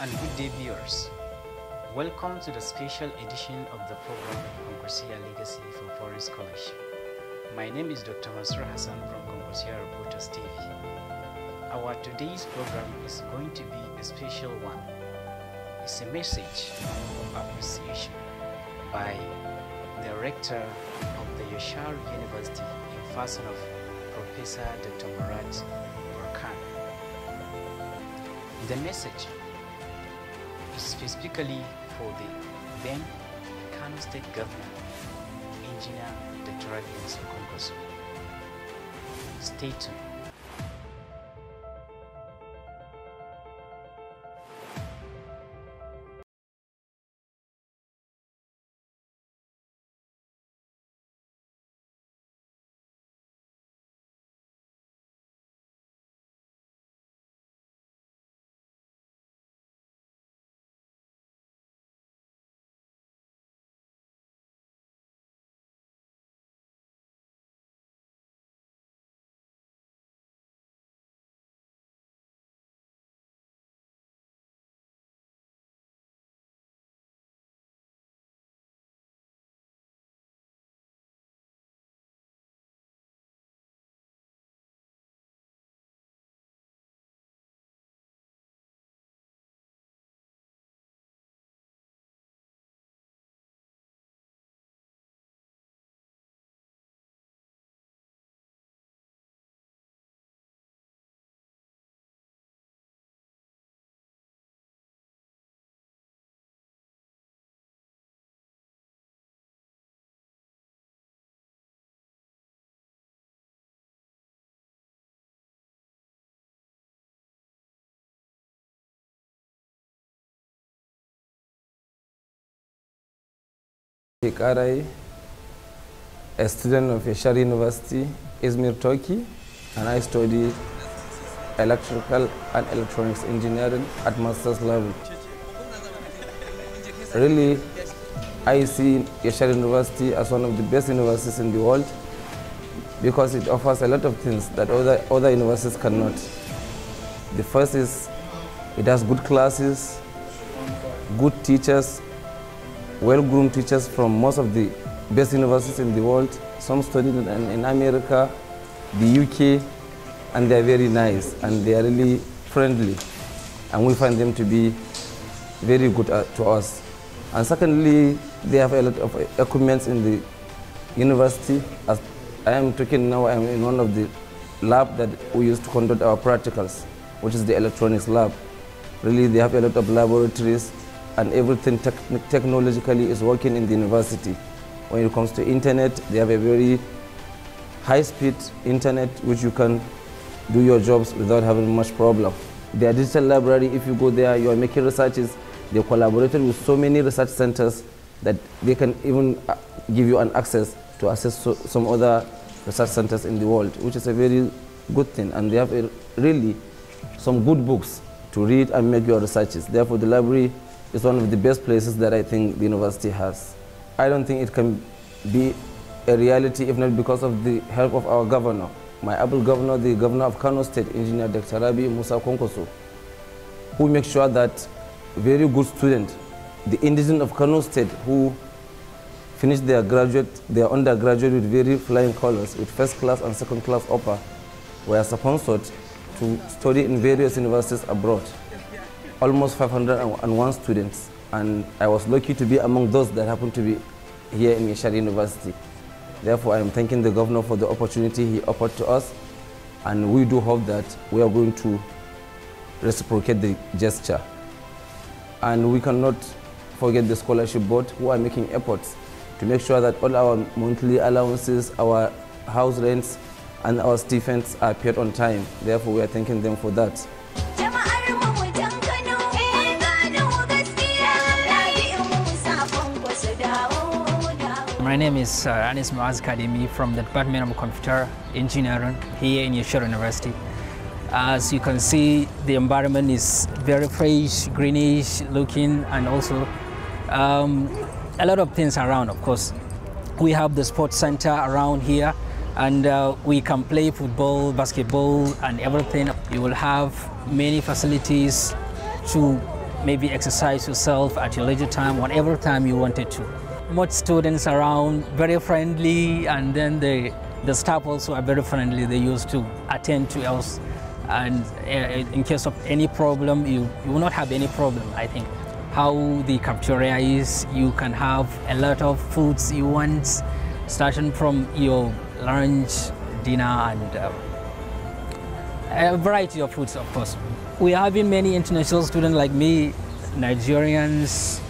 and good day viewers. Welcome to the special edition of the program Concorsia Legacy from Forest College. My name is Dr. Masra Hassan from Concorsia Reporters TV. Our today's program is going to be a special one. It's a message of appreciation by the rector of the Yashar University in person of Professor Dr. Murat Burkan. The message specifically for the then Kano State Governor, Engineer Dr. Agnes Kongoso. Stay tuned. Karai, a student of Yashar University, Izmir, Turkey, and I study electrical and electronics engineering at master's level. Really, I see Yashar University as one of the best universities in the world because it offers a lot of things that other, other universities cannot. The first is it has good classes, good teachers, well-groomed teachers from most of the best universities in the world. Some studied in, in America, the UK, and they're very nice and they're really friendly. And we find them to be very good uh, to us. And secondly, they have a lot of equipment in the university. As I am talking now, I am in one of the lab that we use to conduct our practicals, which is the electronics lab. Really, they have a lot of laboratories and everything te technologically is working in the university. When it comes to internet, they have a very high-speed internet which you can do your jobs without having much problem. Their digital library, if you go there, you are making researches. They collaborated with so many research centers that they can even uh, give you an access to access so, some other research centers in the world, which is a very good thing. And they have a, really some good books to read and make your researches. Therefore, the library is one of the best places that I think the university has. I don't think it can be a reality if not because of the help of our governor, my able governor, the governor of Kano State, Engineer Dr. Rabi Musa Konkosu, who makes sure that very good students, the indigenous of Kano State who finish their graduate, their undergraduate with very flying colors, with first class and second class upper, were sponsored to study in various universities abroad almost 501 students, and I was lucky to be among those that happened to be here in Yeshad University. Therefore, I am thanking the governor for the opportunity he offered to us, and we do hope that we are going to reciprocate the gesture. And we cannot forget the scholarship board who are making efforts to make sure that all our monthly allowances, our house rents, and our stipends are paid on time. Therefore, we are thanking them for that. My name is uh, Anis Maaz Kademi from the Department of Computer Engineering here in Yeshua University. As you can see, the environment is very fresh, greenish looking, and also um, a lot of things around, of course. We have the sports center around here, and uh, we can play football, basketball, and everything. You will have many facilities to maybe exercise yourself at your leisure time, whatever time you wanted to much students around, very friendly, and then the, the staff also are very friendly. They used to attend to us, and eh, in case of any problem, you, you will not have any problem, I think. How the cafeteria is, you can have a lot of foods you want, starting from your lunch, dinner, and uh, a variety of foods, of course. We are having many international students like me, Nigerians,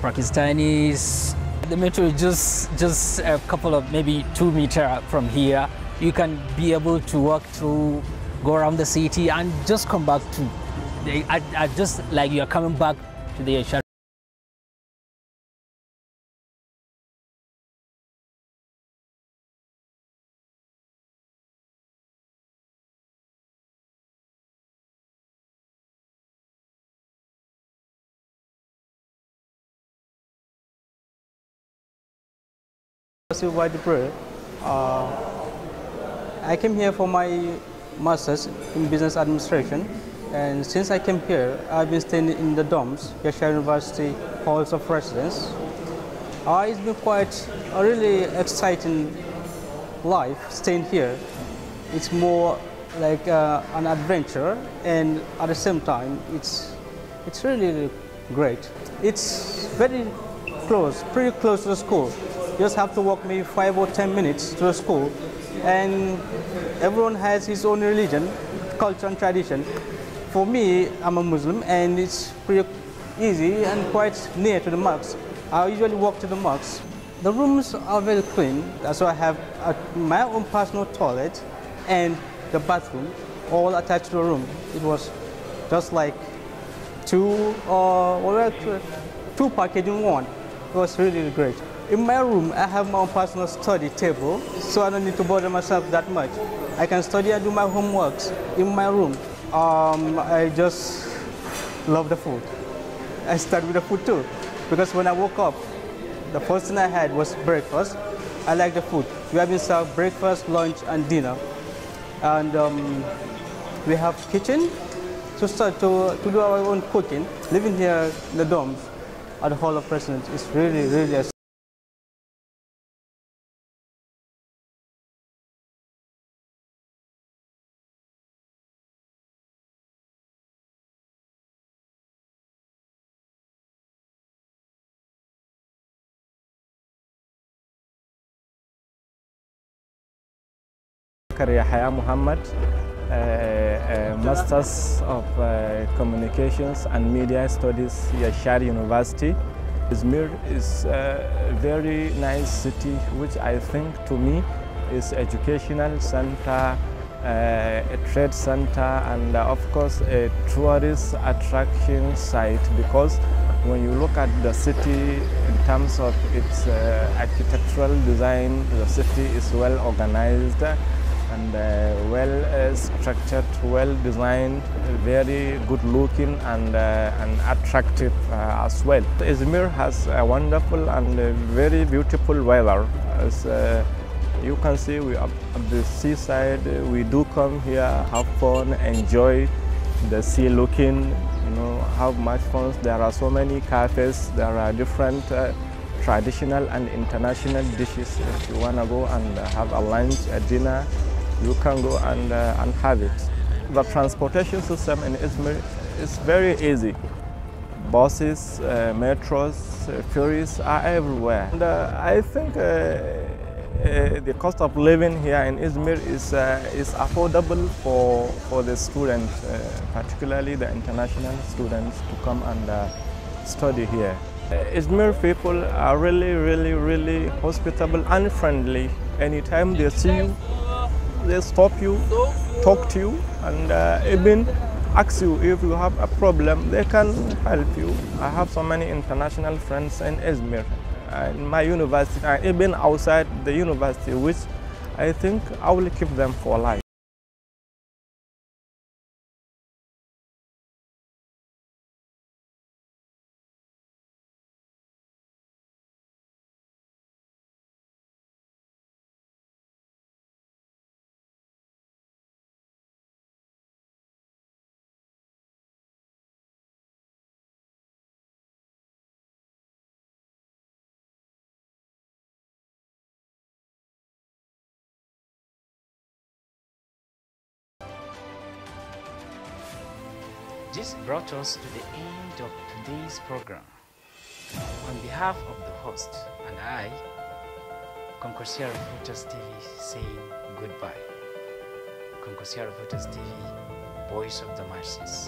Pakistanis, the metro is just, just a couple of maybe two meter from here. You can be able to walk through, go around the city and just come back to, I, I just like you're coming back to the Pastor by Uh, I came here for my master's in business administration and since I came here I've been staying in the dorms, Yashar University halls of residence. Uh, it's been quite a really exciting life staying here. It's more like uh, an adventure and at the same time it's it's really great. It's very close, pretty close to the school just have to walk maybe five or ten minutes to the school, and everyone has his own religion, culture, and tradition. For me, I'm a Muslim, and it's pretty easy and quite near to the mosque. I usually walk to the mosque. The rooms are very clean, so I have a, my own personal toilet and the bathroom all attached to the room. It was just like two or uh, two packages in one. It was really great. In my room, I have my own personal study table, so I don't need to bother myself that much. I can study and do my homeworks in my room. Um, I just love the food. I start with the food too, because when I woke up, the first thing I had was breakfast. I like the food. We have been served breakfast, lunch, and dinner. And um, we have kitchen to start to, to do our own cooking. Living here in the dorms at the Hall of Presidents is really, really Abubakar Yahya Muhammad, uh, uh Masters of uh, Communications and Media Studies, Yashar University. Izmir is a very nice city, which I think to me is educational center, uh, a trade center, and of course a tourist attraction site because when you look at the city in terms of its uh, architectural design, the city is well organized and uh, well uh, structured, well designed, very good looking and, uh, and attractive uh, as well. Izmir has a wonderful and very beautiful weather. As uh, you can see, we are at the seaside. We do come here, have fun, enjoy the sea looking, you know, have much fun. There are so many cafes, there are different uh, traditional and international dishes if you want to go and have a lunch, a dinner, you can go and, uh, and have it. The transportation system in Izmir is very easy. Buses, uh, metros, uh, ferries are everywhere. And, uh, I think uh, uh, the cost of living here in Izmir is, is affordable for, for the students, particularly the international students to come and study here. Izmir people are really, really, really hospitable and friendly. Anytime they see you, they stop you, talk to you, and uh, even ask you if you have a problem, they can help you. I have so many international friends in Izmir, uh, in my university, and uh, even outside the university, which I think I will keep them for life. This brought us to the end of today's program. On behalf of the host and I, of Futures TV saying goodbye. of Futures TV, voice of the masses.